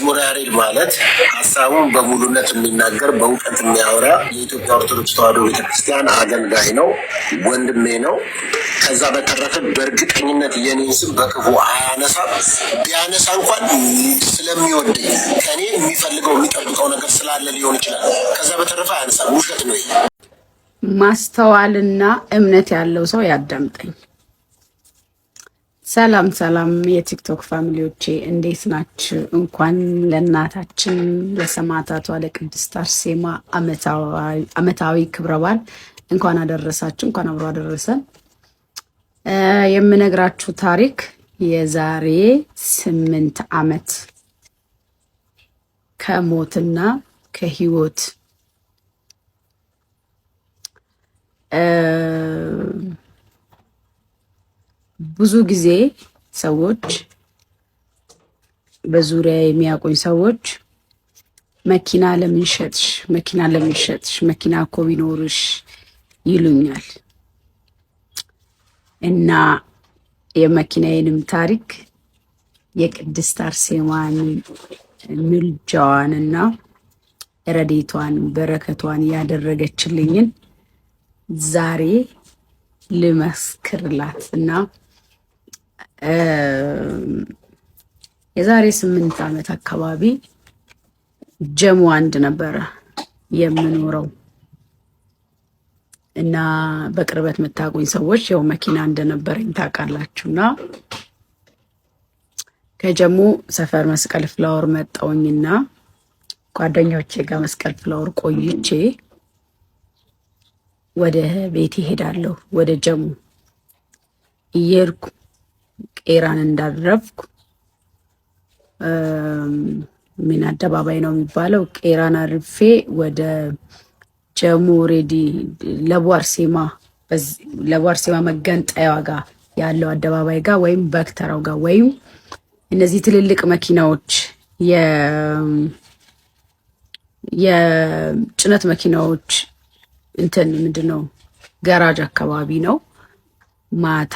መዝሙረ ያሬድ ማለት ሀሳቡን በሙሉነት የሚናገር በእውቀት የሚያወራ የኢትዮጵያ ኦርቶዶክስ ተዋሕዶ ቤተክርስቲያን አገልጋይ ነው፣ ወንድሜ ነው። ከዛ በተረፈ በእርግጠኝነት የኔን ስም በክፉ አያነሳ። ቢያነሳ እንኳን ስለሚወደኝ ከኔ የሚፈልገው የሚጠብቀው ነገር ስላለ ሊሆን ይችላል። ከዛ በተረፈ አያነሳ። ውሸት ነው። ማስተዋልና እምነት ያለው ሰው ያዳምጠኝ። ሰላም ሰላም የቲክቶክ ፋሚሊዎቼ እንዴት ናችሁ? እንኳን ለእናታችን ለሰማዕታቷ ለቅድስት አርሴማ ዓመታዊ ክብረ በዓል እንኳን አደረሳችሁ፣ እንኳን አብሮ አደረሰን። የምነግራችሁ ታሪክ የዛሬ ስምንት ዓመት ከሞትና ከህይወት ብዙ ጊዜ ሰዎች በዙሪያ የሚያቆኝ ሰዎች መኪና ለምን ሸጥሽ? መኪና ለምን ሸጥሽ? መኪና እኮ ቢኖርሽ ይሉኛል። እና የመኪናዬንም ታሪክ የቅድስት አርሴማን ምልጃዋንና ረዴቷን በረከቷን ያደረገችልኝን ዛሬ ልመስክርላት እና የዛሬ ስምንት ዓመት አካባቢ ጀሙ አንድ ነበረ የምኖረው እና በቅርበት የምታውቁኝ ሰዎች ያው መኪና እንደነበረኝ ታውቃላችሁ። ከጀሙ ሰፈር መስቀል ፍላወር መጣውኝና ጓደኞቼ ጋር መስቀል ፍላወር ቆይቼ ወደ ቤት ይሄዳለሁ። ወደ ጀሙ እየሄድኩ ቄራን እንዳረፍኩ ምን አደባባይ ነው የሚባለው? ቄራን አርፌ ወደ ጀሙ ሬዲ ለቧርሴማ ለቧርሴማ ለቡ አርሴማ መገንጠያዋ ጋር ያለው አደባባይ ጋር ወይም በክተራው ጋር ወይም እነዚህ ትልልቅ መኪናዎች የጭነት መኪናዎች እንትን ምንድን ነው ገራጅ አካባቢ ነው ማታ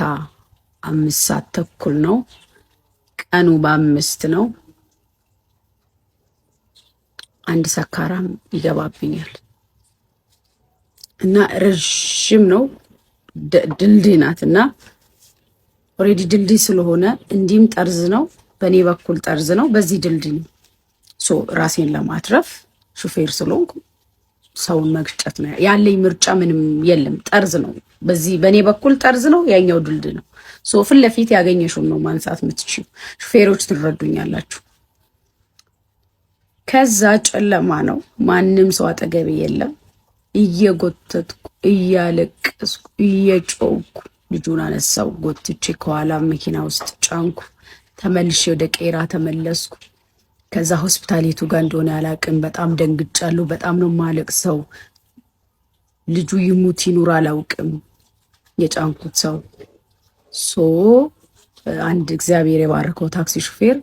አምስት ሰዓት ተኩል ነው። ቀኑ በአምስት ነው። አንድ ሰካራም ይገባብኛል እና ረዥም ነው። ድልድይ ናት እና ኦልሬዲ ድልድይ ስለሆነ እንዲህም ጠርዝ ነው። በእኔ በኩል ጠርዝ ነው። በዚህ ድልድይ ሶ ራሴን ለማትረፍ ሹፌር ስለሆንኩ ሰውን መግጨት ነው ያለኝ ምርጫ። ምንም የለም። ጠርዝ ነው። በዚህ በእኔ በኩል ጠርዝ ነው። ያኛው ድልድይ ነው። ፊት ለፊት ያገኘሽውን ነው ማንሳት የምትችሉ ሹፌሮች ትረዱኛላችሁ። ከዛ ጨለማ ነው፣ ማንም ሰው አጠገብ የለም። እየጎተትኩ እያለቀስኩ እየጮኩ ልጁን አነሳው፣ ጎትቼ ከኋላ መኪና ውስጥ ጫንኩ። ተመልሼ ወደ ቄራ ተመለስኩ። ከዛ ሆስፒታሊቱ ጋር እንደሆነ አላቅም በጣም ደንግጫለሁ። በጣም ነው ሰው ልጁ ይሙት ይኑር አላውቅም፣ የጫንኩት ሰው ሶ አንድ እግዚአብሔር የባረከው ታክሲ ሹፌር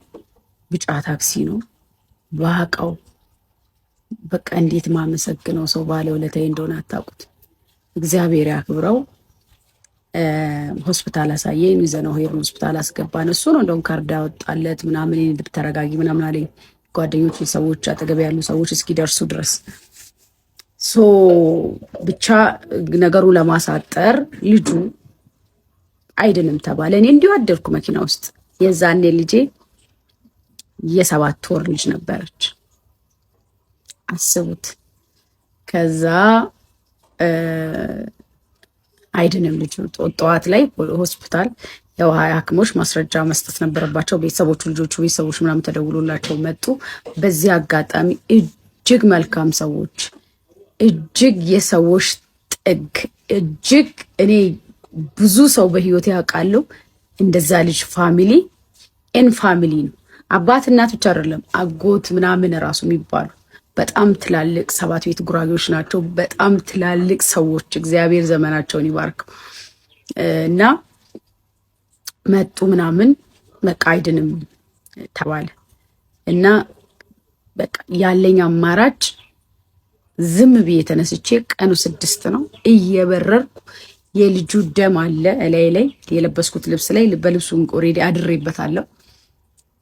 ቢጫ ታክሲ ነው ባቃው በቃ እንዴት ማመሰግነው ሰው ባለውለታዬ እንደሆነ አታውቁት። እግዚአብሔር ያክብረው። ሆስፒታል አሳየኝ፣ ይዘነው ሄር ሆስፒታል አስገባን። እሱ ነው እንደውም ካርድ ያወጣለት ምናምን ተረጋጊ ምናምን አለኝ። ጓደኞች፣ ሰዎች አጠገብ ያሉ ሰዎች እስኪደርሱ ድረስ ሶ ብቻ ነገሩ ለማሳጠር ልጁ አይድንም ተባለ። እኔ እንዲሁ አደርኩ መኪና ውስጥ። የዛኔ ልጄ የሰባት ወር ልጅ ነበረች። አስቡት። ከዛ አይድንም ልጁ ጠዋት ላይ ሆስፒታል የውሃ ሐኪሞች ማስረጃ መስጠት ነበረባቸው። ቤተሰቦቹ ልጆቹ ቤተሰቦች ምናምን ተደውሎላቸው መጡ። በዚህ አጋጣሚ እጅግ መልካም ሰዎች፣ እጅግ የሰዎች ጥግ፣ እጅግ እኔ ብዙ ሰው በህይወት ያውቃለሁ። እንደዛ ልጅ ፋሚሊ ኤን ፋሚሊ ነው። አባት እናት ብቻ አይደለም አጎት ምናምን ራሱ የሚባሉ በጣም ትላልቅ ሰባት ቤት ጉራጌዎች ናቸው። በጣም ትላልቅ ሰዎች እግዚአብሔር ዘመናቸውን ይባርክ እና መጡ ምናምን በቃ አይድንም ተባለ እና በቃ ያለኝ አማራጭ ዝም ብዬ ተነስቼ ቀኑ ስድስት ነው እየበረርኩ የልጁ ደም አለ እላይ ላይ የለበስኩት ልብስ ላይ በልብሱ ኦልሬዲ አድሬበታለሁ።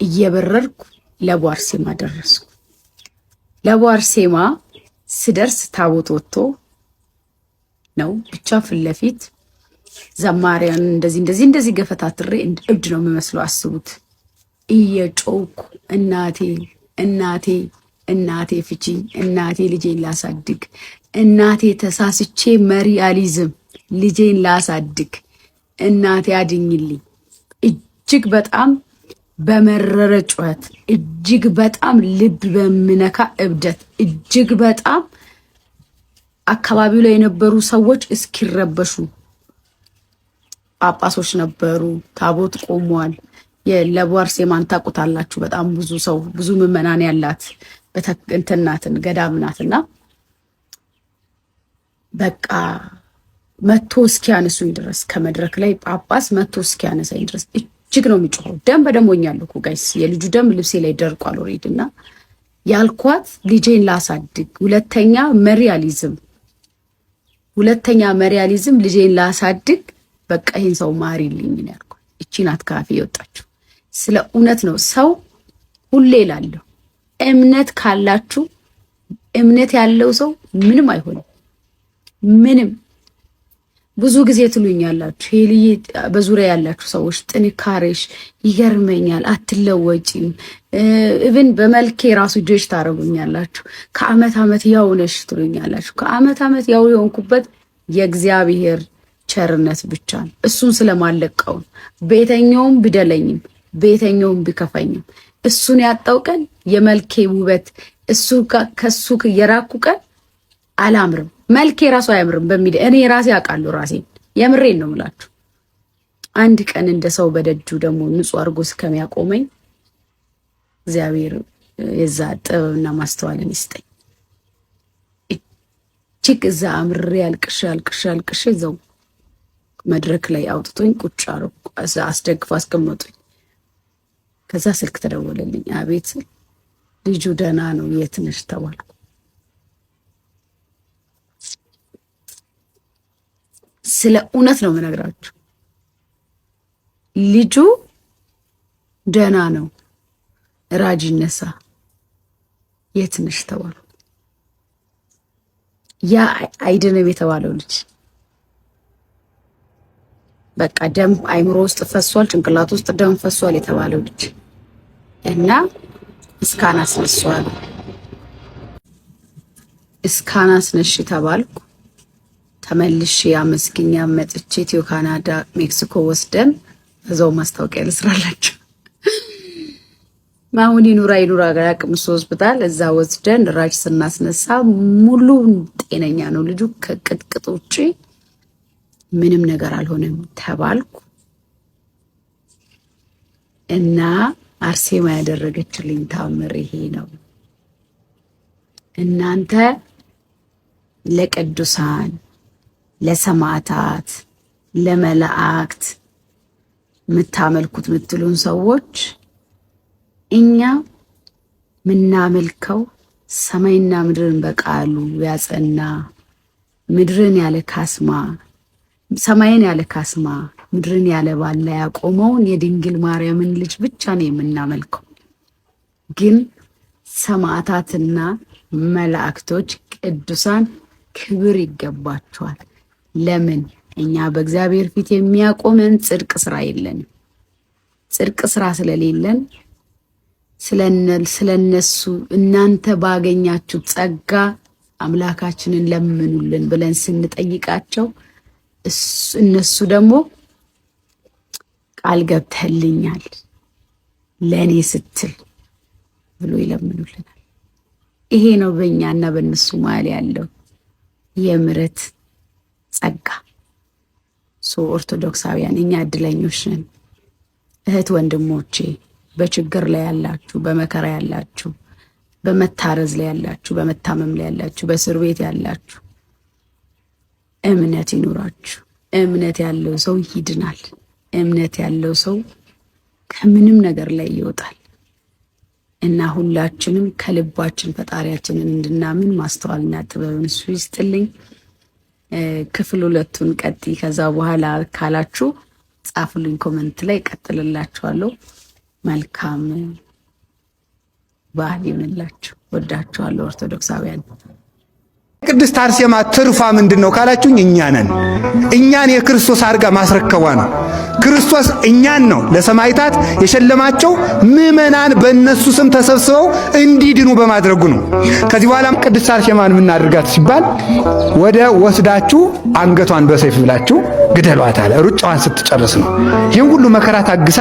እየበረርኩ ለቧርሴማ ደረስኩ። ለቧርሴማ ስደርስ ታቦት ወጥቶ ነው ብቻ ፊት ለፊት ዘማሪያን እንደዚህ እንደዚህ እንደዚህ ገፈታትሬ እብድ ነው የሚመስለው። አስቡት። እየጮኩ እናቴ እናቴ እናቴ ፍቺኝ፣ እናቴ ልጄን ላሳድግ፣ እናቴ ተሳስቼ መሪ አልይዝም ልጄን ላሳድግ፣ እናቴ አድኝልኝ። እጅግ በጣም በመረረ ጩኸት፣ እጅግ በጣም ልብ በምነካ እብደት፣ እጅግ በጣም አካባቢው ላይ የነበሩ ሰዎች እስኪረበሹ ጳጳሶች ነበሩ። ታቦት ቆሟል። የለቧርሴማን ታውቁታላችሁ። በጣም ብዙ ሰው ብዙ ምዕመናን ያላት እንትናትን ገዳም ናትና በቃ መቶ እስኪያነሱኝ ድረስ ከመድረክ ላይ ጳጳስ መቶ እስኪያነሳኝ ድረስ እጅግ ነው የሚጮኸው። ደም በደሞኛል እኮ ጋይስ፣ የልጁ ደም ልብሴ ላይ ደርቋል ኦልሬዲ። እና ያልኳት ልጄን ላሳድግ፣ ሁለተኛ መሪያሊዝም ሁለተኛ መሪያሊዝም ልጄን ላሳድግ፣ በቃ ይህን ሰው ማሪልኝ ነው ያልኳት። እቺን አትካፊ የወጣችሁ ስለ እውነት ነው ሰው ሁሌ ላለሁ እምነት ካላችሁ እምነት ያለው ሰው ምንም አይሆንም ምንም ብዙ ጊዜ ትሉኛላችሁ ሄልዬ፣ በዙሪያ ያላችሁ ሰዎች ጥንካሬሽ ይገርመኛል፣ አትለወጪም። እብን በመልኬ ራሱ ጆች ታደረጉኛላችሁ። ከአመት አመት ያው ነሽ ትሉኛላችሁ። ከአመት አመት ያው የሆንኩበት የእግዚአብሔር ቸርነት ብቻ ነው። እሱን ስለማለቀው ቤተኛውም ቢደለኝም ቤተኛውም ቢከፈኝም እሱን ያጣው ቀን የመልኬ ውበት እሱ ከሱ የራኩ ቀን አላምርም መልክ የራሱ አያምርም በሚል እኔ ራሴ አውቃለሁ ራሴን። የምሬን ነው ምላችሁ። አንድ ቀን እንደ ሰው በደጁ ደግሞ ንጹህ አድርጎ እስከሚያቆመኝ እግዚአብሔር የዛ ጥበብና ማስተዋልን ይስጠኝ። እጅግ እዛ አምሬ አልቅሼ አልቅሼ አልቅሼ እዛው መድረክ ላይ አውጥቶኝ ቁጭ አስደግፎ አስቀመጡኝ። ከዛ ስልክ ተደወለልኝ። አቤት ልጁ ደህና ነው፣ የት ነሽ ተባልኩ። ስለ እውነት ነው የምነግራችሁ። ልጁ ደህና ነው። ራጅ ይነሳ። የት ነሽ ተባሉ። ያ አይድንም የተባለው ልጅ በቃ ደም አይምሮ ውስጥ ፈሷል፣ ጭንቅላት ውስጥ ደም ፈሷል የተባለው ልጅ እና እስካን አስነሷል። እስካን አስነሽ ተባልኩ። ተመልሼ አመስግኛ መጥቼ ኢትዮ ካናዳ ሜክሲኮ ወስደን እዛው ማስታወቂያ ልስራላቸው። ማሁን ይኑራ ይኑራ አቅም ሆስፒታል እዛ ወስደን ራጅ ስናስነሳ ሙሉ ጤነኛ ነው ልጁ። ከቅጥቅጥ ውጭ ምንም ነገር አልሆነም ተባልኩ እና አርሴማ ያደረገችልኝ ታምር ይሄ ነው። እናንተ ለቅዱሳን ለሰማዕታት፣ ለመላእክት የምታመልኩት የምትሉን ሰዎች እኛ ምናመልከው ሰማይና ምድርን በቃሉ ያጸና ምድርን ያለ ካስማ ሰማይን ያለ ካስማ ምድርን ያለ ባላ ያቆመውን የድንግል ማርያምን ልጅ ብቻ ነው የምናመልከው። ግን ሰማዕታትና መላእክቶች ቅዱሳን ክብር ይገባቸዋል። ለምን እኛ በእግዚአብሔር ፊት የሚያቆመን ጽድቅ ስራ የለንም። ጽድቅ ስራ ስለሌለን ስለነሱ እናንተ ባገኛችሁ ጸጋ አምላካችንን ለምኑልን ብለን ስንጠይቃቸው እነሱ ደግሞ ቃል ገብተልኛል ለእኔ ስትል ብሎ ይለምኑልናል። ይሄ ነው በእኛና በእነሱ መሀል ያለው የምረት ጸጋ ኦርቶዶክሳውያን እኛ እድለኞች ነን። እህት ወንድሞቼ፣ በችግር ላይ ያላችሁ፣ በመከራ ያላችሁ፣ በመታረዝ ላይ ያላችሁ፣ በመታመም ላይ ያላችሁ፣ በእስር ቤት ያላችሁ እምነት ይኑራችሁ። እምነት ያለው ሰው ይድናል። እምነት ያለው ሰው ከምንም ነገር ላይ ይወጣል እና ሁላችንም ከልባችን ፈጣሪያችንን እንድናምን ማስተዋልና ጥበብን እሱ ይስጥልኝ። ክፍል ሁለቱን ቀጢ ከዛ በኋላ ካላችሁ ጻፉልኝ ኮመንት ላይ ቀጥልላችኋለሁ። መልካም ባህል ይሁንላችሁ። ወዳችኋለሁ ኦርቶዶክሳውያን። ቅድስት አርሴማ ትርፏ ምንድን ነው ካላችሁኝ፣ እኛ ነን። እኛን የክርስቶስ አድርጋ ማስረከቧ ነው። ክርስቶስ እኛን ነው ለሰማይታት የሸለማቸው ምእመናን በእነሱ ስም ተሰብስበው እንዲድኑ በማድረጉ ነው። ከዚህ በኋላም ቅድስት አርሴማን የምናደርጋት ሲባል ወደ ወስዳችሁ አንገቷን በሰይፍ ብላችሁ ግደሏት አለ። ሩጫዋን ስትጨርስ ነው። ይህን ሁሉ መከራ ታግሳ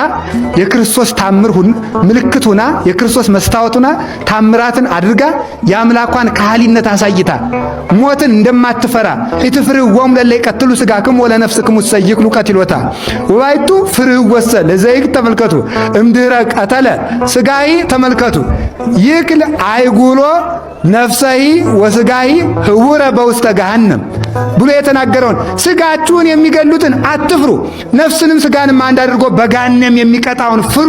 የክርስቶስ ታምር ሁን ምልክት ሁና የክርስቶስ መስታወት ሁና ታምራትን አድርጋ የአምላኳን ካህሊነት አሳይታ ሞትን እንደማትፈራ ኢትፍርህዎሙ ለእለ ይቀትሉ ሥጋክሙ ወለነፍስክሙ ትሰይክሉ ቀትሎታ ወባይቱ ፍርህወሰ ለዘይክ ተመልከቱ እምድኅረ ቀተለ ስጋይ ተመልከቱ ይክል አይጉሎ ነፍሰሂ ወስጋይ ህውረ በውስተ ገሃነም ብሎ የተናገረውን ስጋችሁን የሚገሉትን አትፍሩ፣ ነፍስንም ስጋንም አንድ አድርጎ በጋነም የሚቀጣውን ፍሩ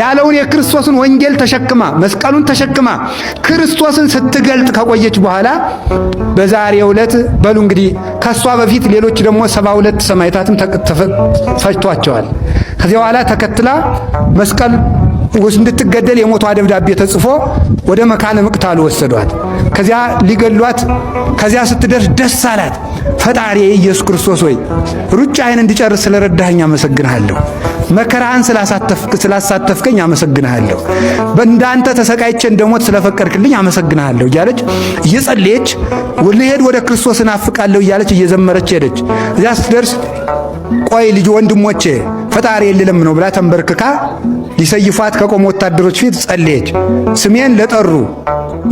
ያለውን የክርስቶስን ወንጌል ተሸክማ መስቀሉን ተሸክማ ክርስቶስን ስትገልጥ ከቆየች በኋላ በዛሬ ዕለት በሉ እንግዲህ ከእሷ በፊት ሌሎች ደግሞ ሰባ ሁለት ሰማይታትም ፈጅቷቸዋል። ከዚያ በኋላ ተከትላ መስቀል እንድትገደል የሞቷ ደብዳቤ ተጽፎ ወደ መካነ ምቅታሉ ወሰዷት። ከዚያ ሊገሏት ከዚያ ስትደርስ ደስ አላት። ፈጣሪ ኢየሱስ ክርስቶስ ሆይ ሩጫዬን እንዲጨርስ ስለረዳኸኝ አመሰግንሃለሁ። መከራህን ስላሳተፍከኝ አመሰግንሃለሁ። በእንዳንተ ተሰቃይቼ እንደሞት ስለፈቀድክልኝ አመሰግንሃለሁ እያለች እየጸለየች ልሄድ ወደ ክርስቶስ እናፍቃለሁ እያለች እየዘመረች ሄደች። እዚያ ስትደርስ ቆይ ልጅ ወንድሞቼ ፈጣሪ ነው ብላ ተንበርክካ ሊሰይፏት ከቆሙ ወታደሮች ፊት ጸለየች። ስሜን ለጠሩ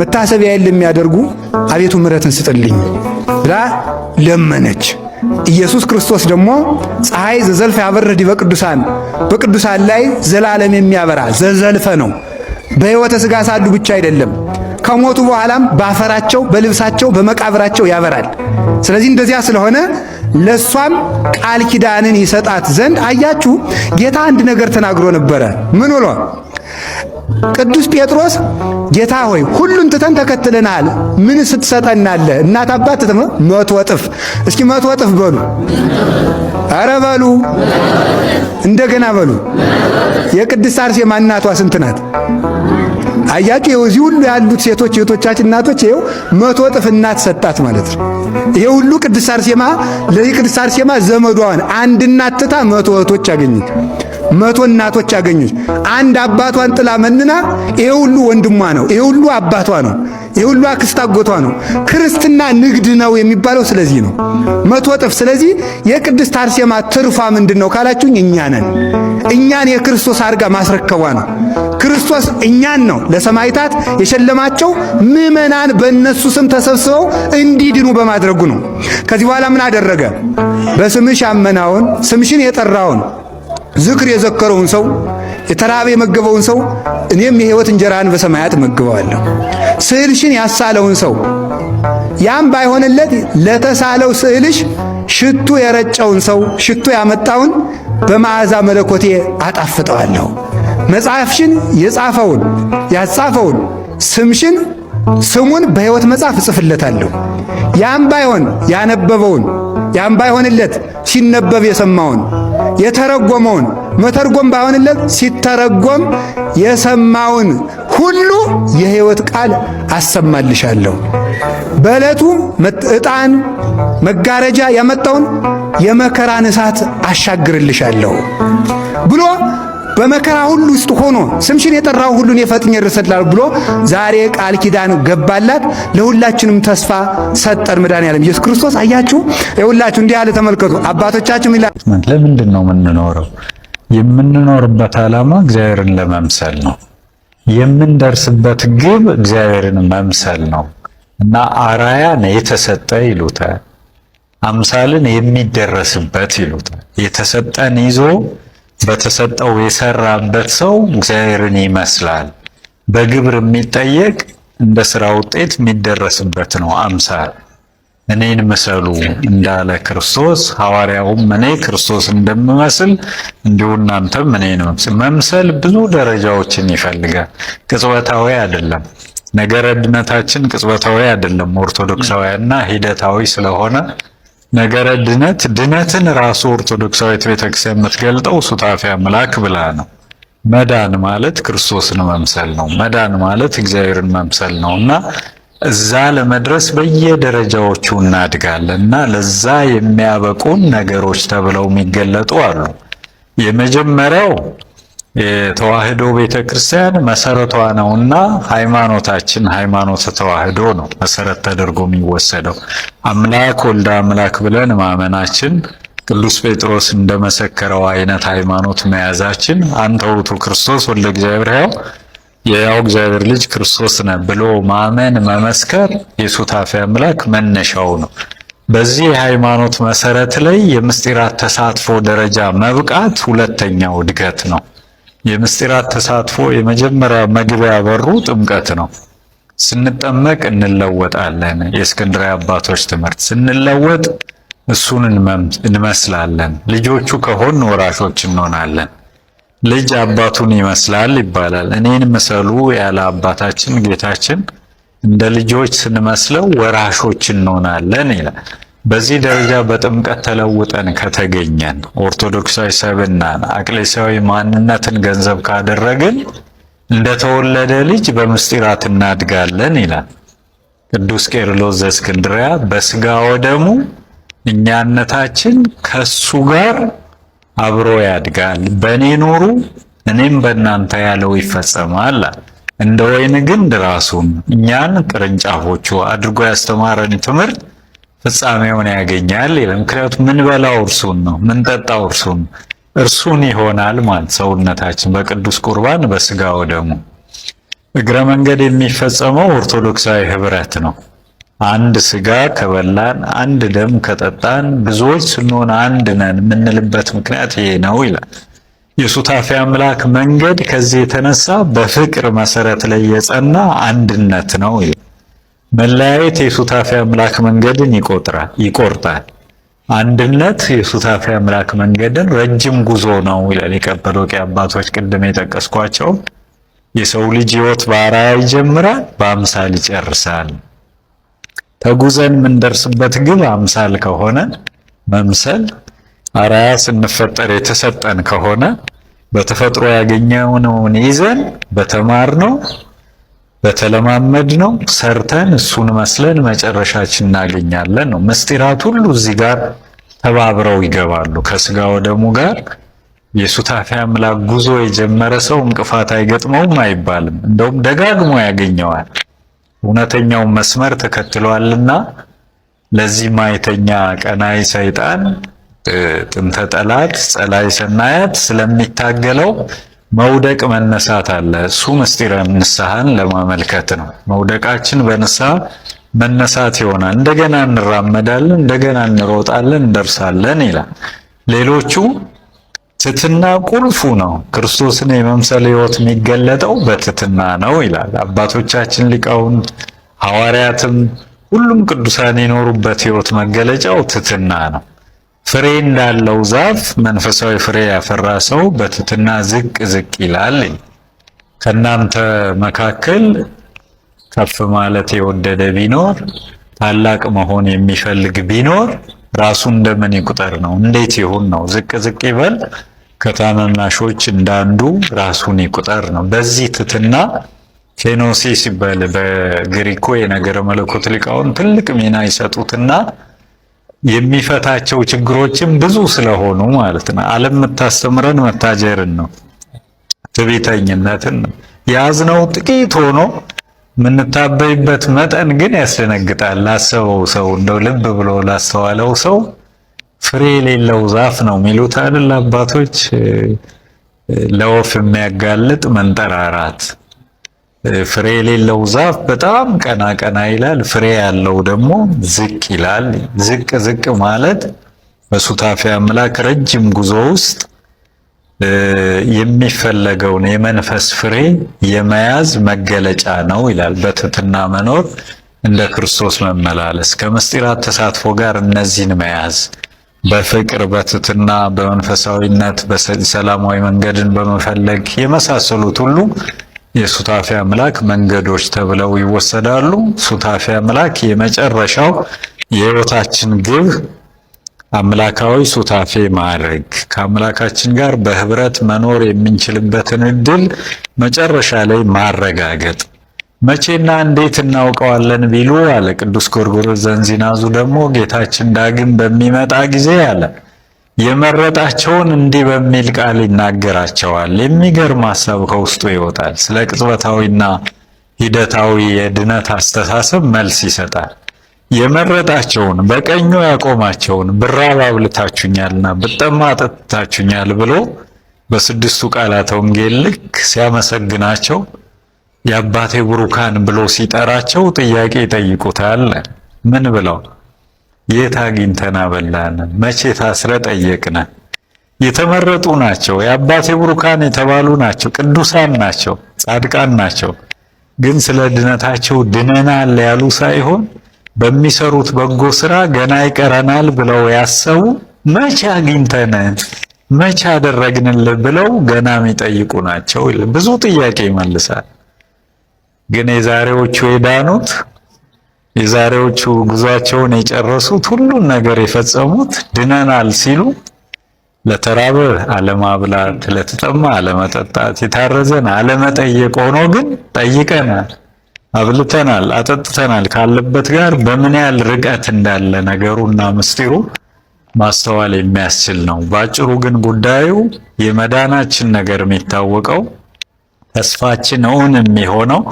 መታሰቢያን ለሚያደርጉ አቤቱ ምሕረትን ስጥልኝ ብላ ለመነች። ኢየሱስ ክርስቶስ ደግሞ ፀሐይ ዘዘልፈ ያበርህ ዲበ ቅዱሳን በቅዱሳን ላይ ዘላለም የሚያበራ ዘዘልፈ ነው። በሕይወተ ሥጋ ሳሉ ብቻ አይደለም ከሞቱ በኋላም ባፈራቸው በልብሳቸው በመቃብራቸው ያበራል። ስለዚህ እንደዚያ ስለሆነ ለሷም ቃል ኪዳንን ይሰጣት ዘንድ አያችሁ፣ ጌታ አንድ ነገር ተናግሮ ነበረ። ምን ብሎ? ቅዱስ ጴጥሮስ ጌታ ሆይ ሁሉን ትተን ተከትለናል፣ ምን ስትሰጠናለ? እናት አባት ትተን መቶ እጥፍ። እስኪ መቶ እጥፍ በሉ፣ አረ በሉ፣ እንደገና በሉ። የቅድስት አርሴማ እናቷ ስንት ናት? አያቄ እዚህ ሁሉ ያሉት ሴቶች እህቶቻችን እናቶች ይኸው መቶ እጥፍ እናት ሰጣት ማለት ነው። ይሄ ሁሉ ቅድስት አርሴማ ለዚህ ቅድስት አርሴማ ዘመዷን አንድ እናት ትታ መቶ እህቶች አገኘች። መቶ እናቶች አገኘች። አንድ አባቷን ጥላ መንና ይሄ ሁሉ ወንድሟ ነው፣ ይሄ ሁሉ አባቷ ነው፣ ይሄ ሁሉ አክስት አጎቷ ነው። ክርስትና ንግድ ነው የሚባለው ስለዚህ ነው፣ መቶ እጥፍ። ስለዚህ የቅድስት አርሴማ ትርፏ ምንድን ነው ካላችሁኝ፣ እኛ ነን። እኛን የክርስቶስ አርጋ ማስረከቧ ነው። ክርስቶስ እኛን ነው ለሰማይታት የሸለማቸው ምእመናን በእነሱ ስም ተሰብስበው እንዲድኑ በማድረጉ ነው። ከዚህ በኋላ ምን አደረገ? በስምሽ ያመናውን ስምሽን የጠራውን ዝክር የዘከረውን ሰው የተራበ የመገበውን ሰው እኔም የሕይወት እንጀራን በሰማያት መግበዋለሁ። ስዕልሽን ያሳለውን ሰው ያም ባይሆንለት ለተሳለው ስዕልሽ ሽቱ የረጨውን ሰው ሽቱ ያመጣውን በመዓዛ መለኮቴ አጣፍጠዋለሁ። መጽሐፍሽን የጻፈውን ያጻፈውን ስምሽን ስሙን በሕይወት መጽሐፍ እጽፍለታለሁ። ያም ባይሆን ያነበበውን ያም ባይሆንለት ሲነበብ የሰማውን የተረጎመውን መተርጎም ባይሆንለት ሲተረጎም የሰማውን ሁሉ የሕይወት ቃል አሰማልሻለሁ። በዕለቱ ዕጣን መጋረጃ ያመጣውን የመከራን እሳት አሻግርልሻለሁ ብሎ በመከራ ሁሉ ውስጥ ሆኖ ስምሽን የጠራው ሁሉን የፈጥኝ ርስላል ብሎ ዛሬ ቃል ኪዳን ገባላት። ለሁላችንም ተስፋ ሰጠን መድኃኒዓለም ኢየሱስ ክርስቶስ። አያችሁ የሁላችሁ እንዲህ አለ። ተመልከቱ። አባቶቻችን ይላል ለምንድን ነው የምንኖረው? የምንኖርበት ዓላማ እግዚአብሔርን ለመምሰል ነው። የምንደርስበት ግብ እግዚአብሔርን መምሰል ነው እና አራያን የተሰጠ ይሉታል። አምሳልን የሚደረስበት ይሉታል። የተሰጠን ይዞ በተሰጠው የሰራበት ሰው እግዚአብሔርን ይመስላል። በግብር የሚጠየቅ እንደ ስራ ውጤት የሚደረስበት ነው። አምሳል እኔን ምሰሉ እንዳለ ክርስቶስ ሐዋርያውም እኔ ክርስቶስ እንደምመስል እንዲሁ እናንተም እኔን መምሰል። መምሰል ብዙ ደረጃዎችን ይፈልጋል። ቅጽበታዊ አይደለም። ነገረ ድነታችን ቅጽበታዊ አይደለም። ኦርቶዶክሳዊያና ሂደታዊ ስለሆነ ነገረ ድነት ድነትን ራሱ ኦርቶዶክሳዊት ቤተክርስቲያን የምትገልጠው ሱታፊ አምላክ ብላ ነው። መዳን ማለት ክርስቶስን መምሰል ነው። መዳን ማለት እግዚአብሔርን መምሰል ነው እና እዛ ለመድረስ በየደረጃዎቹ እናድጋለን እና ለዛ የሚያበቁን ነገሮች ተብለው የሚገለጡ አሉ። የመጀመሪያው የተዋህዶ ቤተ ክርስቲያን መሰረቷ ነውና ሃይማኖታችን ሃይማኖተ ተዋህዶ ነው መሰረት ተደርጎ የሚወሰደው። አምላክ ወልደ አምላክ ብለን ማመናችን ቅዱስ ጴጥሮስ እንደመሰከረው አይነት ሃይማኖት መያዛችን አንተ ውእቱ ክርስቶስ ወልደ እግዚአብሔር ሕያው የያው እግዚአብሔር ልጅ ክርስቶስ ነ ብሎ ማመን መመስከር የሱታፌ አምላክ መነሻው ነው። በዚህ ሃይማኖት መሰረት ላይ የምስጢራት ተሳትፎ ደረጃ መብቃት ሁለተኛው እድገት ነው። የምስጢራት ተሳትፎ የመጀመሪያ መግቢያ በሩ ጥምቀት ነው። ስንጠመቅ እንለወጣለን። የእስክንድርያ አባቶች ትምህርት ስንለወጥ እሱን እንመስላለን። ልጆቹ ከሆን ወራሾች እንሆናለን። ልጅ አባቱን ይመስላል ይባላል። እኔን ምሰሉ ያለ አባታችን ጌታችን እንደ ልጆች ስንመስለው ወራሾች እንሆናለን ይላል። በዚህ ደረጃ በጥምቀት ተለውጠን ከተገኘን ኦርቶዶክሳዊ ሰብናን አቅሌሳዊ ማንነትን ገንዘብ ካደረግን እንደተወለደ ልጅ በምስጢራት እናድጋለን ይላል ቅዱስ ቄርሎስ ዘእስክንድርያ። በስጋ ወደሙ እኛነታችን ከሱ ጋር አብሮ ያድጋል። በእኔ ኑሩ እኔም በእናንተ ያለው ይፈጸማል። እንደ ወይን ግንድ ራሱን እኛን ቅርንጫፎቹ አድርጎ ያስተማረን ትምህርት ፍጻሜውን ያገኛል ይላል። ምክንያቱም ምን በላው እርሱን ነው፣ ምን እርሱን እርሱን ይሆናል ማለት ሰውነታችን በቅዱስ ቁርባን በስጋው ደሙ እግረ መንገድ የሚፈጸመው ኦርቶዶክሳዊ ህብረት ነው። አንድ ስጋ ከበላን አንድ ደም ከጠጣን ብዙዎች ስንሆን አንድ ነን የምንልበት ምክንያት ይሄ ነው ይላል። የሱታፌ አምላክ መንገድ ከዚህ የተነሳ በፍቅር መሰረት ላይ የጸና አንድነት ነው ይላል። መለያየት የሱታፌ አምላክ መንገድን ይቆርጣል። አንድነት የሱታፌ አምላክ መንገድን ረጅም ጉዞ ነው ይላል። የቀጰዶቅያ አባቶች ቅድም የጠቀስኳቸው የሰው ልጅ ህይወት በአርአያ ይጀምራል፣ በአምሳል ይጨርሳል። ተጉዘን የምንደርስበት ግብ አምሳል ከሆነ መምሰል አርአያ ስንፈጠር የተሰጠን ከሆነ በተፈጥሮ ያገኘነውን ይዘን በተማርነው በተለማመድ ነው ሰርተን እሱን መስለን መጨረሻችን እናገኛለን ነው። ምስጢራት ሁሉ እዚህ ጋር ተባብረው ይገባሉ። ከስጋ ወደሙ ጋር የሱታፊ አምላክ ጉዞ የጀመረ ሰው እንቅፋት አይገጥመውም አይባልም። እንደውም ደጋግሞ ያገኘዋል። እውነተኛውን መስመር ተከትሏልና ለዚህ ማይተኛ ቀናይ ሰይጣን ጥንተ ጠላት ጸላይ ሰናያት ስለሚታገለው መውደቅ መነሳት አለ። እሱ ምስጢረ ንስሐን ለማመልከት ነው። መውደቃችን በንስሐ መነሳት ይሆናል። እንደገና እንራመዳለን፣ እንደገና እንሮጣለን፣ እንደርሳለን ይላል። ሌሎቹ ትትና ቁልፉ ነው። ክርስቶስን የመምሰል ህይወት የሚገለጠው በትትና ነው ይላል። አባቶቻችን ሊቃውንት፣ ሐዋርያትም ሁሉም ቅዱሳን የኖሩበት ህይወት መገለጫው ትትና ነው። ፍሬ እንዳለው ዛፍ መንፈሳዊ ፍሬ ያፈራ ሰው በትትና ዝቅ ዝቅ ይላል። ከእናንተ መካከል ከፍ ማለት የወደደ ቢኖር ታላቅ መሆን የሚፈልግ ቢኖር ራሱ እንደምን ይቁጠር ነው? እንዴት ይሁን ነው? ዝቅ ዝቅ ይበል፣ ከታናናሾች እንዳንዱ ራሱን ይቁጠር ነው። በዚህ ትትና ኬኖሲስ ይባል በግሪኮ የነገረ መለኮት ሊቃውን ትልቅ ሚና ይሰጡትና የሚፈታቸው ችግሮችም ብዙ ስለሆኑ ማለት ነው። ዓለም የምታስተምረን መታጀርን ነው፣ ትዕቢተኝነትን ነው። የያዝነው ጥቂት ሆኖ የምንታበይበት መጠን ግን ያስደነግጣል። ላሰበው ሰው እንደው ልብ ብሎ ላስተዋለው ሰው ፍሬ የሌለው ዛፍ ነው የሚሉት አይደል አባቶች። ለወፍ የሚያጋልጥ መንጠራራት ፍሬ የሌለው ዛፍ በጣም ቀና ቀና ይላል። ፍሬ ያለው ደግሞ ዝቅ ይላል። ዝቅ ዝቅ ማለት በሱታፊ አምላክ ረጅም ጉዞ ውስጥ የሚፈለገውን የመንፈስ ፍሬ የመያዝ መገለጫ ነው ይላል። በትህትና መኖር እንደ ክርስቶስ መመላለስ ከምስጢራት ተሳትፎ ጋር እነዚህን መያዝ በፍቅር፣ በትህትና በመንፈሳዊነት፣ በሰላማዊ መንገድን በመፈለግ የመሳሰሉት ሁሉ የሱታፊ አምላክ መንገዶች ተብለው ይወሰዳሉ። ሱታፊ አምላክ የመጨረሻው የሕይወታችን ግብ አምላካዊ ሱታፌ ማድረግ ከአምላካችን ጋር በህብረት መኖር የምንችልበትን እድል መጨረሻ ላይ ማረጋገጥ። መቼና እንዴት እናውቀዋለን ቢሉ አለ ቅዱስ ጎርጎሮስ ዘንዚናዙ ደግሞ ጌታችን ዳግም በሚመጣ ጊዜ አለ የመረጣቸውን እንዲህ በሚል ቃል ይናገራቸዋል። የሚገርም ሀሳብ ከውስጡ ይወጣል። ስለ ቅጽበታዊና ሂደታዊ የድነት አስተሳሰብ መልስ ይሰጣል። የመረጣቸውን በቀኙ ያቆማቸውን ብራብ አብልታችሁኛልና ብጠማ አጠጥታችሁኛል ብሎ በስድስቱ ቃላት ወንጌል ልክ ሲያመሰግናቸው የአባቴ ቡሩካን ብሎ ሲጠራቸው ጥያቄ ይጠይቁታል። ምን ብለው የት አግኝተን አበላን? መቼ ታስረ ጠየቅነ? የተመረጡ ናቸው፣ የአባቴ ብሩካን የተባሉ ናቸው፣ ቅዱሳን ናቸው፣ ጻድቃን ናቸው። ግን ስለ ድነታቸው ድነናል ያሉ ሳይሆን በሚሰሩት በጎ ስራ ገና ይቀረናል ብለው ያሰቡ መቼ አግኝተን መቼ አደረግንል ብለው ገና የሚጠይቁ ናቸው። ብዙ ጥያቄ ይመልሳል። ግን የዛሬዎቹ የዳኑት የዛሬዎቹ ጉዟቸውን የጨረሱት ሁሉን ነገር የፈጸሙት ድነናል ሲሉ ለተራበ አለማብላት፣ ለተጠማ አለመጠጣት፣ የታረዘን አለመጠየቅ ሆኖ ግን ጠይቀናል፣ አብልተናል፣ አጠጥተናል ካለበት ጋር በምን ያህል ርቀት እንዳለ ነገሩና ምስጢሩ ማስተዋል የሚያስችል ነው። በአጭሩ ግን ጉዳዩ የመዳናችን ነገር የሚታወቀው ተስፋችን እውን የሚሆነው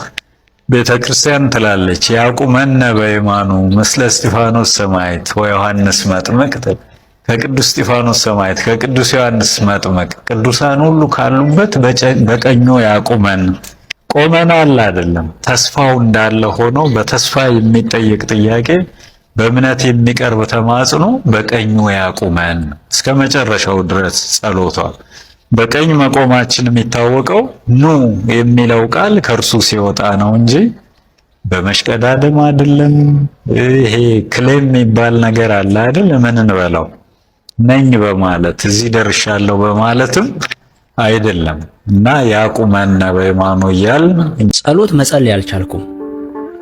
ቤተ ክርስቲያን ትላለች ያቁመነ በየማኑ ምስለ እስጢፋኖስ ሰማዕት ወዮሐንስ መጥምቅ ከቅዱስ እስጢፋኖስ ሰማዕት ከቅዱስ ዮሐንስ መጥምቅ ቅዱሳን ሁሉ ካሉበት በቀኙ ያቁመን። ቆመናል አይደለም፣ ተስፋው እንዳለ ሆኖ በተስፋ የሚጠየቅ ጥያቄ በእምነት የሚቀርብ ተማጽኖ በቀኙ ያቁመን እስከ መጨረሻው ድረስ ጸሎቷል። በቀኝ መቆማችን የሚታወቀው ኑ የሚለው ቃል ከእርሱ ሲወጣ ነው እንጂ በመሽቀዳደም አይደለም። ይሄ ክሌም የሚባል ነገር አለ አይደል? ምን እንበለው ነኝ በማለት እዚህ ደርሻለሁ በማለትም አይደለም። እና ያቁመነ በይማኑ እያልን ጸሎት መጸል አልቻልኩም።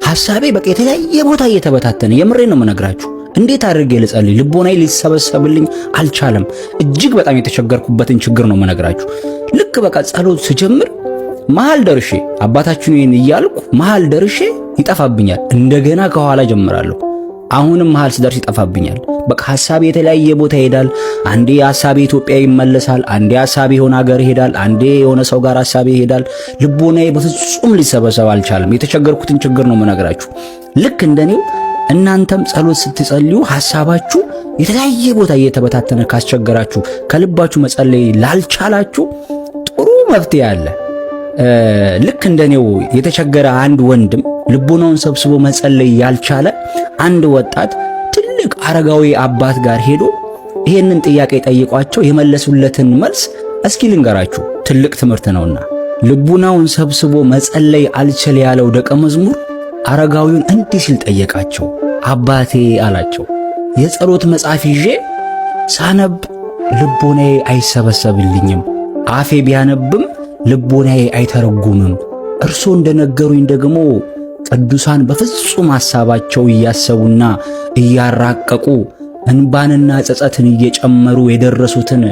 ሐሳቤ በቃ የተለያየ ቦታ እየተበታተነ የምሬ ነው የምነግራችሁ እንዴት አድርጌ ልጸልይ? ልቦናዬ ሊሰበሰብልኝ አልቻለም። እጅግ በጣም የተቸገርኩበትን ችግር ነው መነግራችሁ። ልክ በቃ ጸሎት ስጀምር መሀል ደርሼ አባታችን ይህን እያልኩ መሀል ደርሼ ይጠፋብኛል። እንደገና ከኋላ ጀምራለሁ። አሁንም መሀል ስደርስ ይጠፋብኛል። በቃ ሐሳቤ የተለያየ ቦታ ይሄዳል። አንዴ ሐሳቤ ኢትዮጵያ ይመለሳል። አንዴ ሐሳቤ የሆነ ሀገር ይሄዳል። አንዴ የሆነ ሰው ጋር ሐሳቤ ይሄዳል። ልቦናዬ በፍጹም ሊሰበሰብ አልቻለም። የተቸገርኩትን ችግር ነው መነግራችሁ። ልክ እንደኔው እናንተም ጸሎት ስትጸልዩ ሐሳባችሁ የተለያየ ቦታ እየተበታተነ ካስቸገራችሁ ከልባችሁ መጸለይ ላልቻላችሁ ጥሩ መፍትሄ አለ። ልክ እንደኔው የተቸገረ አንድ ወንድም ልቡናውን ሰብስቦ መጸለይ ያልቻለ አንድ ወጣት ትልቅ አረጋዊ አባት ጋር ሄዶ ይሄንን ጥያቄ ጠይቋቸው የመለሱለትን መልስ እስኪ ልንገራችሁ፣ ትልቅ ትምህርት ነውና። ልቡናውን ሰብስቦ መጸለይ አልችል ያለው ደቀ መዝሙር አረጋዊውን እንዲህ ሲል ጠየቃቸው፣ አባቴ አላቸው የጸሎት መጽሐፍ ይዤ ሳነብ ልቦናዬ አይሰበሰብልኝም፣ አፌ ቢያነብም ልቦናዬ አይተረጉምም። እርሶ እንደነገሩኝ ደግሞ ቅዱሳን በፍጹም ሐሳባቸው እያሰቡና እያራቀቁ እንባንና ጸጸትን እየጨመሩ የደረሱትን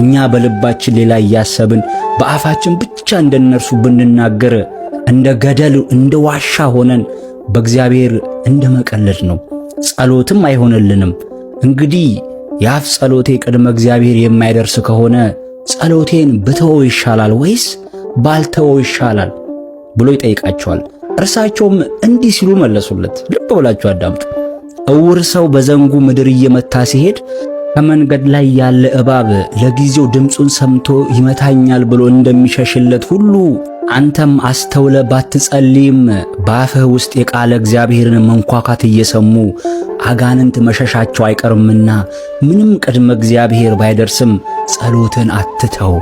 እኛ በልባችን ሌላ እያሰብን በአፋችን ብቻ እንደነርሱ ብንናገር እንደ ገደል እንደ ዋሻ ሆነን በእግዚአብሔር እንደ መቀለድ ነው፣ ጸሎትም አይሆንልንም። እንግዲህ የአፍ ጸሎቴ ቅድመ እግዚአብሔር የማይደርስ ከሆነ ጸሎቴን ብተወው ይሻላል ወይስ ባልተወው ይሻላል ብሎ ይጠይቃቸዋል። እርሳቸውም እንዲህ ሲሉ መለሱለት። ልብ ብላችሁ አዳምጡ። እውር ሰው በዘንጉ ምድር እየመታ ሲሄድ ከመንገድ ላይ ያለ እባብ ለጊዜው ድምፁን ሰምቶ ይመታኛል ብሎ እንደሚሸሽለት ሁሉ አንተም አስተውለ ባትጸልይም በአፍህ ውስጥ የቃለ እግዚአብሔርን መንኳኳት እየሰሙ አጋንንት መሸሻቸው አይቀርምና ምንም ቅድመ እግዚአብሔር ባይደርስም ጸሎትን አትተው፣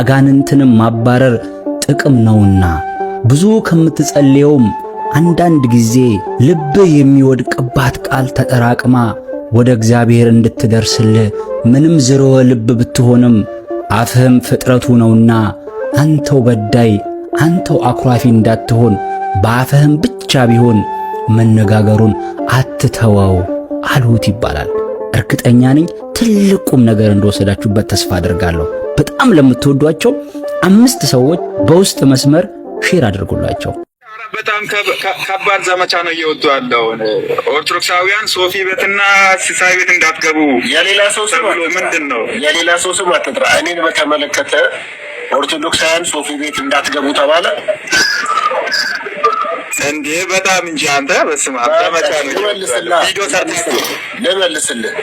አጋንንትንም ማባረር ጥቅም ነውና ብዙ ከምትጸልየውም አንዳንድ ጊዜ ልብህ የሚወድቅባት ቃል ተጠራቅማ ወደ እግዚአብሔር እንድትደርስልህ ምንም ዝሮ ልብ ብትሆንም አፍህም ፍጥረቱ ነውና አንተው በዳይ አንተው አኩራፊ እንዳትሆን በአፍህም ብቻ ቢሆን መነጋገሩን አትተወው አልሁት ይባላል። እርግጠኛ ነኝ ትልቁም ነገር እንደወሰዳችሁበት ተስፋ አድርጋለሁ። በጣም ለምትወዷቸው አምስት ሰዎች በውስጥ መስመር ሼር አድርጉላቸው። በጣም ከባድ ዘመቻ ነው እየወጡ ያለው። ኦርቶዶክሳውያን ሶፊ ቤትና ሲሳይ ቤት እንዳትገቡ የሌላ ሰው ስም ምንድን ነው የሌላ ሰው ስም አትጥራ። እኔን በተመለከተ ኦርቶዶክሳውያን ሶፊ ቤት እንዳትገቡ ተባለ እንዴ? በጣም እንጂ አንተ በስማ ዘመቻ ነው። ልመልስልህ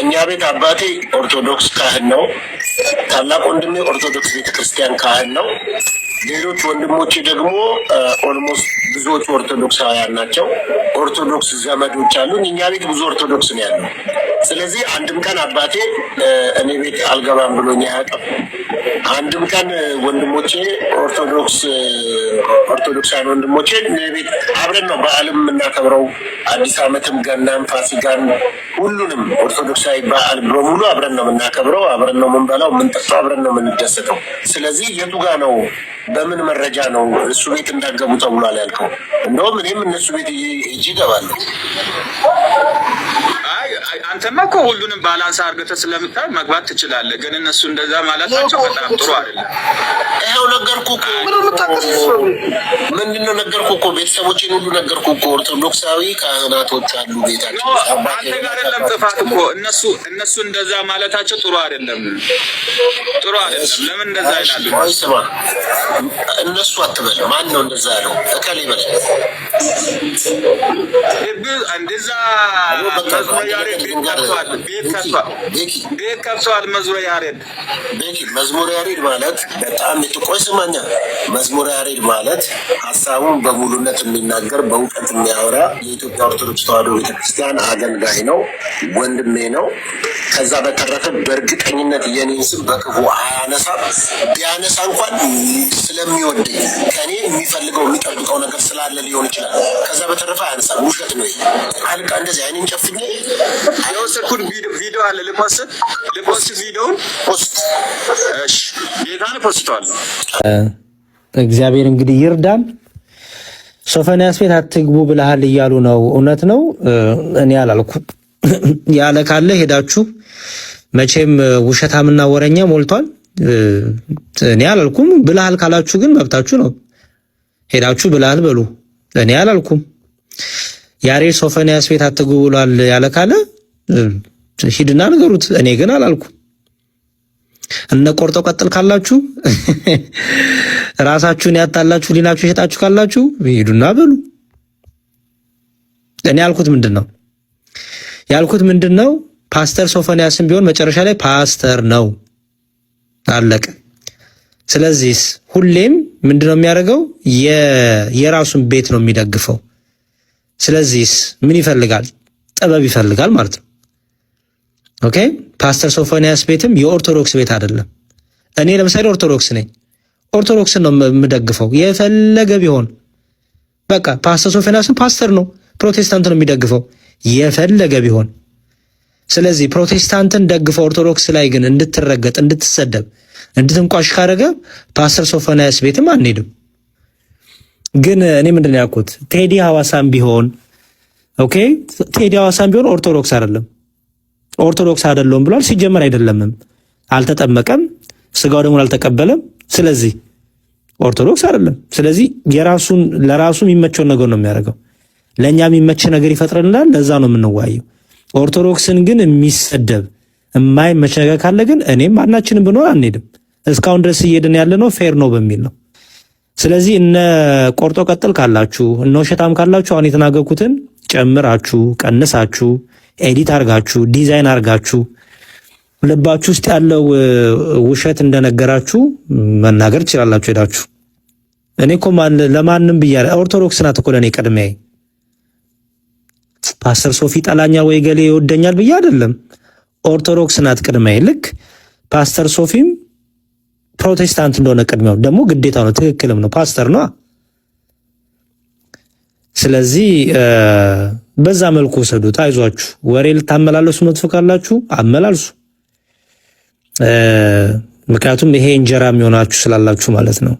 እኛ ቤት አባቴ ኦርቶዶክስ ካህን ነው። ታላቅ ወንድሜ ኦርቶዶክስ ቤተክርስቲያን ካህን ነው። ሌሎች ወንድሞች ደግሞ ኦልሞስት ብዙዎች ኦርቶዶክሳውያን ናቸው። ኦርቶዶክስ ዘመዶች አሉኝ። እኛ ቤት ብዙ ኦርቶዶክስ ነው ያለው። ስለዚህ አንድም ቀን አባቴ እኔ ቤት አልገባም ብሎኝ አያውቅም። አንድም ቀን ወንድሞቼ ኦርቶዶክስ ኦርቶዶክሳን ወንድሞቼ እኔ ቤት አብረን ነው በዓልም የምናከብረው፣ አዲስ ዓመትም፣ ገናም፣ ፋሲጋን፣ ሁሉንም ኦርቶዶክሳዊ በዓል በሙሉ አብረን ነው የምናከብረው፣ አብረን ነው የምንበላው፣ የምንጠጣው፣ አብረን ነው የምንደሰተው። ስለዚህ የቱ ጋ ነው በምን መረጃ ነው እሱ ቤት እንዳገቡ ተብሏል ያልከው? እንደውም እኔም እነሱ ቤት እጅ ይገባለሁ አንተማ እኮ ሁሉንም ባላንስ አድርገህ ስለምታይ መግባት ትችላለህ። ግን እነሱ እንደዛ ማለታቸው በጣም ጥሩ አይደለም። ይኸው ነገርኩህ እኮ ምንድን ነው ነገርኩህ እኮ ቤተሰቦቼን ሁሉ ነገርኩህ እኮ ኦርቶዶክሳዊ ካህናቶች አሉ ቤታቸው። አንተ ጋር አይደለም ጥፋት እኮ እነሱ እነሱ እንደዛ ማለታቸው ጥሩ አይደለም፣ ጥሩ አይደለም። ለምን እንደዛ ይላሉ? እነሱ አትበል። ማን ነው እንደዛ ያለው? እከሌ በላይ እንደዛ ቤት ከብተዋል። መዝሙረ ያሬድ መዝሙረ ያሬድ ማለት በጣም የጥቆች ስማኛ መዝሙረ ያሬድ ማለት ሀሳቡን በሙሉነት የሚናገር በእውቀት የሚያወራ የኢትዮጵያ ኦርቶዶክስ ተዋሕዶ ቤተክርስቲያን አገልጋይ ነው፣ ወንድሜ ነው። ከዛ በተረፈ በእርግጠኝነት የኔን ስም በክፉ አያነሳም ቢያነሳ እንኳን ስለሚወደኝ ከኔ የሚፈልገው የሚጠብቀው ነገር ስላለ ሊሆን ይችላል። ከዛ በተረፈ አያነሳ። ውሸት ነው። አልቃ እንደዚህ አይኔን ጨፍኜ የወሰድኩት ቪዲዮ አለ ልፖስት ልፖስት ቪዲዮውን ፖስት ጌታን ፖስተዋል። እግዚአብሔር እንግዲህ ይርዳን። ሶፈንያስ ቤት አትግቡ ብለሃል እያሉ ነው። እውነት ነው። እኔ አላልኩ ያለ ካለ ሄዳችሁ መቼም ውሸታምና ወረኛ ሞልቷል። እኔ አላልኩም። ብለሃል ካላችሁ ግን መብታችሁ ነው። ሄዳችሁ ብለሃል በሉ። እኔ አላልኩም። ያሬድ ሶፎንያስ ቤት አትግቡ ብሏል ያለ ካለ ሂድና ንገሩት። እኔ ግን አላልኩ እነ ቆርጦ ቀጥል ካላችሁ ራሳችሁን ያታላችሁ ሊናችሁ ሸጣችሁ ካላችሁ ሂዱና በሉ። እኔ ያልኩት ምንድን ነው ያልኩት ምንድን ነው ፓስተር ሶፎንያስም ቢሆን መጨረሻ ላይ ፓስተር ነው አለቀ። ስለዚህ ሁሌም ምንድነው የሚያደርገው የራሱን ቤት ነው የሚደግፈው። ስለዚህስ ምን ይፈልጋል? ጥበብ ይፈልጋል ማለት ነው። ኦኬ ፓስተር ሶፎንያስ ቤትም የኦርቶዶክስ ቤት አይደለም። እኔ ለምሳሌ ኦርቶዶክስ ነኝ። ኦርቶዶክስ ነው የምደግፈው የፈለገ ቢሆን በቃ ፓስተር ሶፎንያስም ፓስተር ነው፣ ፕሮቴስታንት ነው የሚደግፈው የፈለገ ቢሆን። ስለዚህ ፕሮቴስታንትን ደግፈ ኦርቶዶክስ ላይ ግን እንድትረገጥ፣ እንድትሰደብ፣ እንድትንቋሽ ካደረገ ፓስተር ሶፎንያስ ቤትም አንሄድም። ግን እኔ ምንድን ያልኩት ቴዲ ሐዋሳም ቢሆን ኦኬ፣ ቴዲ ሐዋሳም ቢሆን ኦርቶዶክስ አይደለም ኦርቶዶክስ አይደለም ብሏል። ሲጀመር አይደለምም፣ አልተጠመቀም፣ ስጋው ደግሞ አልተቀበለም። ስለዚህ ኦርቶዶክስ አይደለም። ስለዚህ የራሱን ለራሱ የሚመቸውን ነገር ነው የሚያደርገው። ለእኛ የሚመች ነገር ይፈጥርልናል። ለዛ ነው የምንዋየው ኦርቶዶክስን ግን የሚሰደብ የማይመች ነገር ካለ ግን እኔም አናችንም ብንሆን አንሄድም። እስካሁን ድረስ እየሄድን ያለ ነው ፌር ነው በሚል ነው ስለዚህ እነ ቆርጦ ቀጥል ካላችሁ እነ ውሸታም ካላችሁ አሁን የተናገርኩትን ጨምራችሁ ቀንሳችሁ ኤዲት አርጋችሁ ዲዛይን አርጋችሁ ልባችሁ ውስጥ ያለው ውሸት እንደነገራችሁ መናገር ትችላላችሁ። ሄዳችሁ እኔ እኮ ለማንም ብያለ ኦርቶዶክስ ናት እኮ ለእኔ ቅድሜ ፓስተር ሶፊ ጠላኛ ወይ ገሌ ይወደኛል ብዬ አይደለም። ኦርቶዶክስ ናት ቅድሜ ልክ ፓስተር ሶፊም ፕሮቴስታንት እንደሆነ ቅድሚያው ደግሞ ግዴታ ነው፣ ትክክልም ነው፣ ፓስተር ነው። ስለዚህ በዛ መልኩ ውሰዱት። አይዟችሁ፣ ወሬ ልታመላለሱ መጥፎ ካላችሁ አመላልሱ። ምክንያቱም ይሄ እንጀራ የሚሆናችሁ ስላላችሁ ማለት ነው።